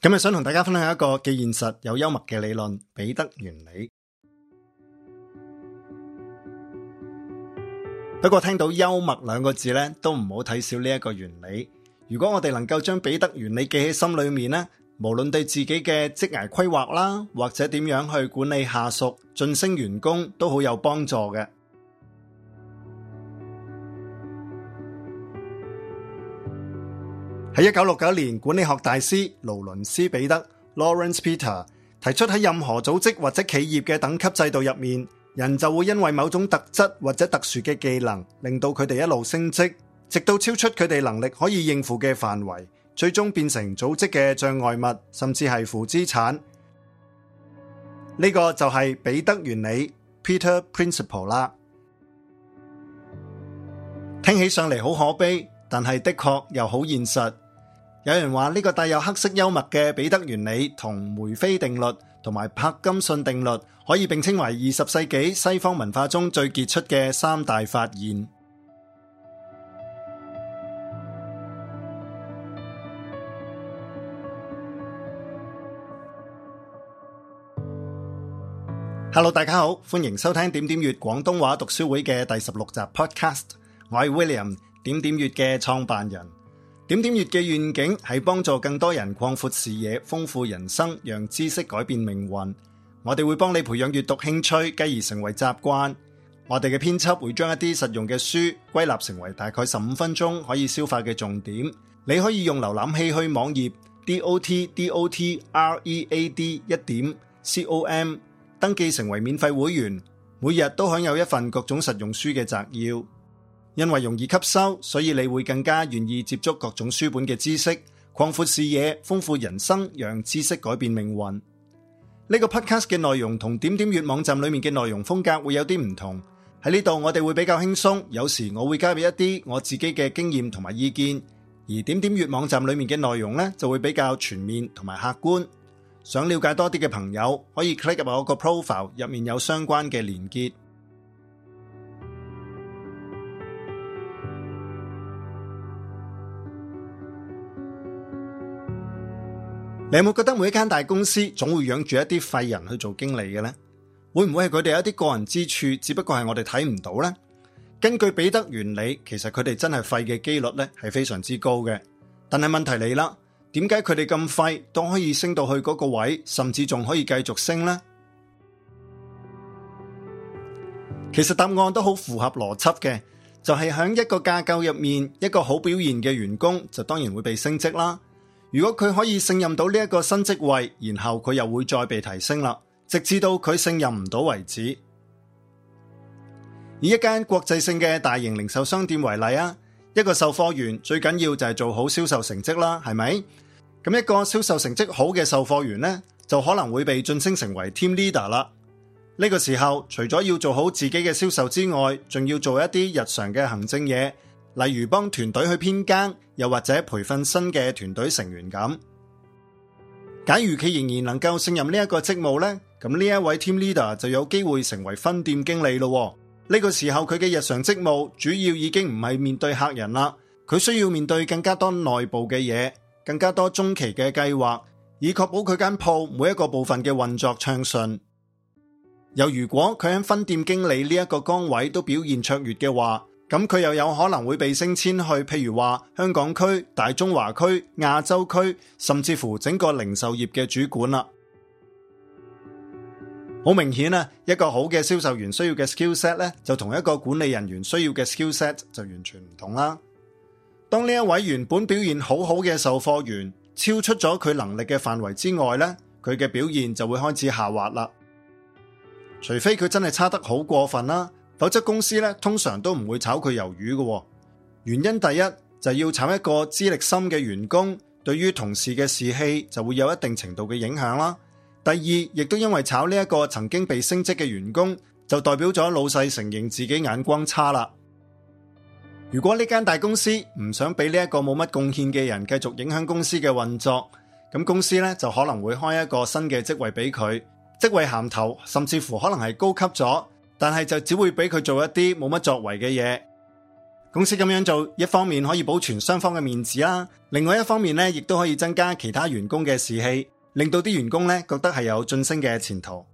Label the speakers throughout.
Speaker 1: 今日想同大家分享一個既現實又幽默嘅理論——彼得原理。不過聽到幽默兩個字咧，都唔好睇少呢一個原理。如果我哋能夠將彼得原理記喺心裏面咧，無論對自己嘅職涯規劃啦，或者點樣去管理下屬、晉升員工，都好有幫助嘅。喺一九六九年，管理學大師勞倫斯彼得 （Lawrence Peter） 提出喺任何組織或者企業嘅等級制度入面，人就會因為某種特質或者特殊嘅技能，令到佢哋一路升職，直到超出佢哋能力可以應付嘅範圍，最終變成組織嘅障礙物，甚至係負資產。呢個就係彼得原理 （Peter Principle） 啦。聽起上嚟好可悲，但係的確又好現實。有人話呢個帶有黑色幽默嘅彼得原理同梅菲定律同埋柏金遜定律，可以並稱為二十世紀西方文化中最傑出嘅三大發現。Hello，大家好，歡迎收聽點點粵廣東話讀書會嘅第十六集 podcast。我係 William，點點閱嘅創辦人。點點閱嘅願景係幫助更多人擴闊視野、豐富人生，讓知識改變命運。我哋會幫你培養閱讀興趣，繼而成為習慣。我哋嘅編輯會將一啲實用嘅書歸納成為大概十五分鐘可以消化嘅重點。你可以用瀏覽器去網頁 dot dot read 一點 com 登記成為免費會員，每日都享有一份各種實用書嘅摘要。因為容易吸收，所以你會更加願意接觸各種書本嘅知識，擴闊視野，豐富人生，讓知識改變命運。呢個 podcast 嘅內容同點點閱網站裏面嘅內容風格會有啲唔同。喺呢度我哋會比較輕鬆，有時我會加入一啲我自己嘅經驗同埋意見，而點點閱網站裏面嘅內容呢就會比較全面同埋客觀。想了解多啲嘅朋友可以 click 入我個 profile，入面有相關嘅連結。你有冇覺得每一間大公司總會養住一啲廢人去做經理嘅呢？會唔會係佢哋有一啲過人之處？只不過係我哋睇唔到呢？根據彼得原理，其實佢哋真係廢嘅幾率咧，係非常之高嘅。但係問題嚟啦，點解佢哋咁廢都可以升到去嗰個位，甚至仲可以繼續升呢？其實答案都好符合邏輯嘅，就係喺一個架構入面，一個好表現嘅員工就當然會被升職啦。如果佢可以勝任到呢一個新職位，然後佢又會再被提升啦，直至到佢勝任唔到為止。以一間國際性嘅大型零售商店為例啊，一個售貨員最緊要就係做好銷售成績啦，係咪？咁一個銷售成績好嘅售貨員呢，就可能會被晉升成為 team leader 啦。呢個時候除咗要做好自己嘅銷售之外，仲要做一啲日常嘅行政嘢。例如幫團隊去編更，又或者培訓新嘅團隊成員咁。假如佢仍然能夠勝任呢一個職務呢，咁呢一位 team leader 就有機會成為分店經理咯。呢個時候佢嘅日常職務主要已經唔係面對客人啦，佢需要面對更加多內部嘅嘢，更加多中期嘅計劃，以確保佢間鋪每一個部分嘅運作暢順。又如果佢喺分店經理呢一個崗位都表現卓越嘅話，咁佢又有可能會被升遷去，譬如話香港區、大中華區、亞洲區，甚至乎整個零售業嘅主管啦。好明顯啊，一個好嘅銷售員需要嘅 skill set 咧，就同一個管理人員需要嘅 skill set 就完全唔同啦。當呢一位原本表現好好嘅售貨員超出咗佢能力嘅範圍之外咧，佢嘅表現就會開始下滑啦。除非佢真係差得好過分啦。否則公司咧通常都唔會炒佢魷魚嘅，原因第一就係要炒一個資歷深嘅員工，對於同事嘅士氣就會有一定程度嘅影響啦。第二，亦都因為炒呢一個曾經被升職嘅員工，就代表咗老細承認自己眼光差啦。如果呢間大公司唔想俾呢一個冇乜貢獻嘅人繼續影響公司嘅運作，咁公司咧就可能會開一個新嘅職位俾佢，職位銜頭，甚至乎可能係高級咗。但係就只會俾佢做一啲冇乜作為嘅嘢。公司咁樣做，一方面可以保存雙方嘅面子啦，另外一方面咧，亦都可以增加其他員工嘅士氣，令到啲員工咧覺得係有晉升嘅前途。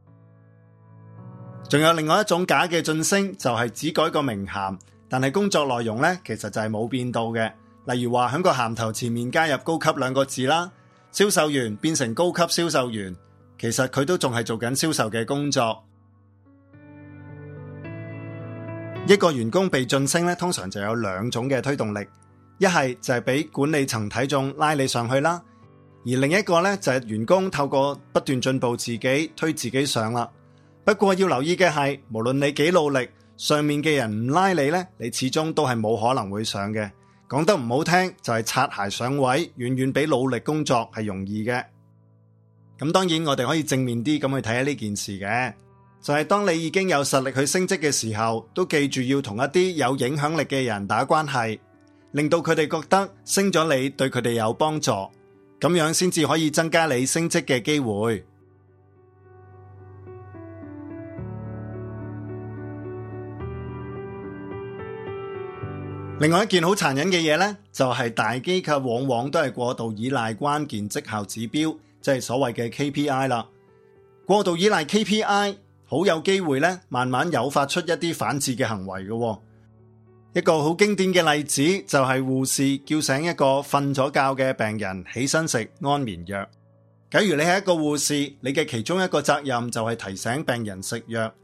Speaker 1: 仲有另外一種假嘅晉升，就係、是、只改個名銜，但係工作內容咧其實就係冇變到嘅。例如話喺個銜頭前面加入高級兩個字啦，銷售員變成高級銷售員，其實佢都仲係做緊銷售嘅工作。一個員工被晉升咧，通常就有兩種嘅推動力，一係就係俾管理層睇中拉你上去啦，而另一個咧就係員工透過不斷進步自己推自己上啦。不過要留意嘅係，無論你幾努力，上面嘅人唔拉你咧，你始終都係冇可能會上嘅。講得唔好聽，就係、是、擦鞋上位，遠遠比努力工作係容易嘅。咁當然，我哋可以正面啲咁去睇下呢件事嘅。就係當你已經有實力去升職嘅時候，都記住要同一啲有影響力嘅人打關係，令到佢哋覺得升咗你對佢哋有幫助，咁樣先至可以增加你升職嘅機會。另外一件好殘忍嘅嘢呢，就係大機構往往都係過度依賴關鍵績效指標，即係所謂嘅 KPI 啦，過度依賴 KPI。好有機會咧，慢慢誘發出一啲反智嘅行為嘅。一個好經典嘅例子就係護士叫醒一個瞓咗覺嘅病人起身食安眠藥。假如你係一個護士，你嘅其中一個責任就係提醒病人食藥，而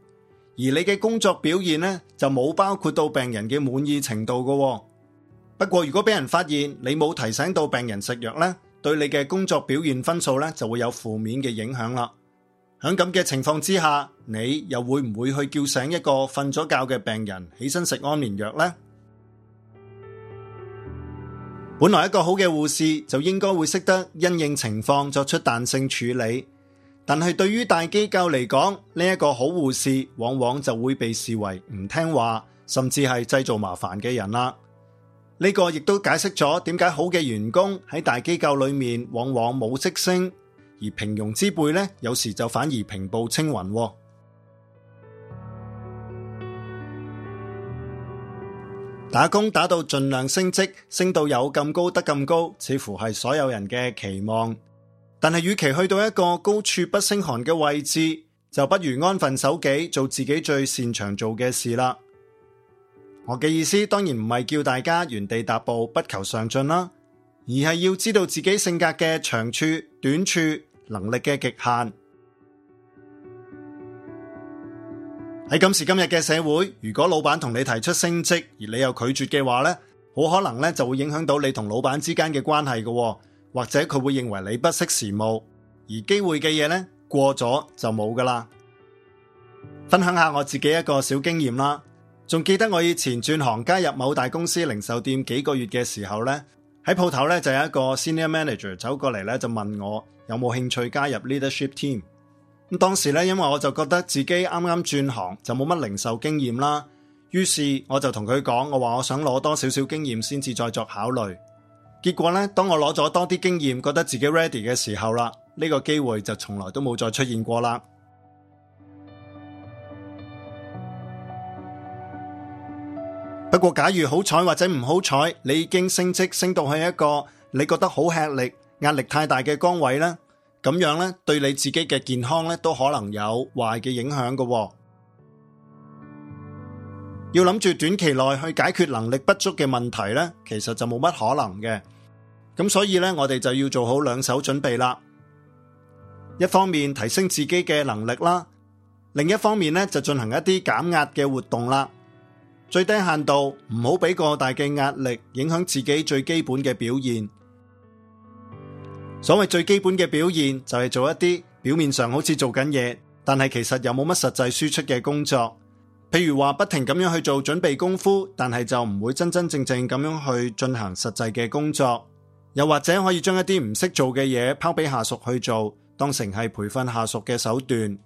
Speaker 1: 你嘅工作表現咧就冇包括到病人嘅滿意程度嘅。不過如果俾人發現你冇提醒到病人食藥咧，對你嘅工作表現分數咧就會有負面嘅影響啦。喺咁嘅情況之下，你又會唔會去叫醒一個瞓咗覺嘅病人起身食安眠藥呢？本來一個好嘅護士就應該會識得因應情況作出彈性處理，但係對於大機構嚟講，呢一個好護士往往就會被視為唔聽話，甚至係製造麻煩嘅人啦。呢個亦都解釋咗點解好嘅員工喺大機構裏面往往冇晉升。而平庸之輩呢，有時就反而平步青雲。打工打到盡量升職，升到有咁高得咁高，似乎係所有人嘅期望。但係與其去到一個高處不勝寒嘅位置，就不如安分守己，做自己最擅長做嘅事啦。我嘅意思當然唔係叫大家原地踏步，不求上進啦，而係要知道自己性格嘅長處、短處。能力嘅極限。喺今時今日嘅社會，如果老闆同你提出升職而你又拒絕嘅話呢，好可能呢就會影響到你同老闆之間嘅關係嘅，或者佢會認為你不識時務，而機會嘅嘢呢過咗就冇噶啦。分享一下我自己一個小經驗啦，仲記得我以前轉行加入某大公司零售店幾個月嘅時候呢。喺鋪頭咧就有一個 senior manager 走過嚟咧就問我有冇興趣加入 leadership team 咁當時咧因為我就覺得自己啱啱轉行就冇乜零售經驗啦，於是我就同佢講我話我想攞多少少經驗先至再作考慮。結果咧當我攞咗多啲經驗覺得自己 ready 嘅時候啦，呢個機會就從來都冇再出現過啦。不過，假如好彩或者唔好彩，你已經升職升到去一個你覺得好吃力、壓力太大嘅崗位咧，咁樣咧，對你自己嘅健康咧都可能有壞嘅影響噶。要諗住短期內去解決能力不足嘅問題咧，其實就冇乜可能嘅。咁所以咧，我哋就要做好兩手準備啦。一方面提升自己嘅能力啦，另一方面咧就進行一啲減壓嘅活動啦。最低限度唔好俾過大嘅壓力影響自己最基本嘅表現。所謂最基本嘅表現就係做一啲表面上好似做緊嘢，但係其實又冇乜實際輸出嘅工作。譬如話不停咁樣去做準備功夫，但係就唔會真真正正咁樣去進行實際嘅工作。又或者可以將一啲唔識做嘅嘢拋俾下屬去做，當成係培訓下屬嘅手段。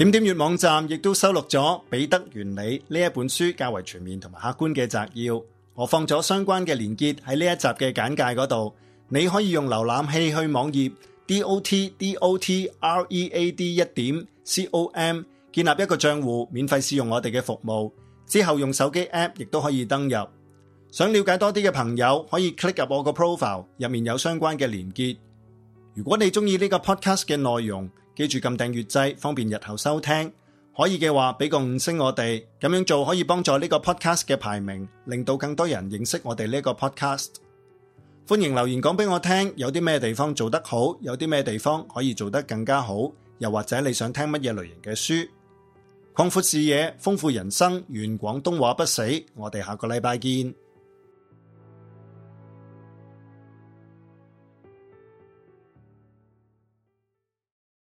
Speaker 1: 點點閱網站亦都收錄咗《彼得原理》呢一本書較為全面同埋客觀嘅摘要，我放咗相關嘅連結喺呢一集嘅簡介嗰度。你可以用瀏覽器去網頁 dotdotread 一點 com 建立一個賬戶，免費試用我哋嘅服務，之後用手機 App 亦都可以登入。想了解多啲嘅朋友可以 click 入我個 profile，入面有相關嘅連結。如果你中意呢個 podcast 嘅內容，記住撳訂閱掣，方便日後收聽。可以嘅話，俾個五星我哋，咁樣做可以幫助呢個 podcast 嘅排名，令到更多人認識我哋呢個 podcast。歡迎留言講俾我聽，有啲咩地方做得好，有啲咩地方可以做得更加好，又或者你想聽乜嘢類型嘅書，擴闊視野，豐富人生。願廣東話不死。我哋下個禮拜見。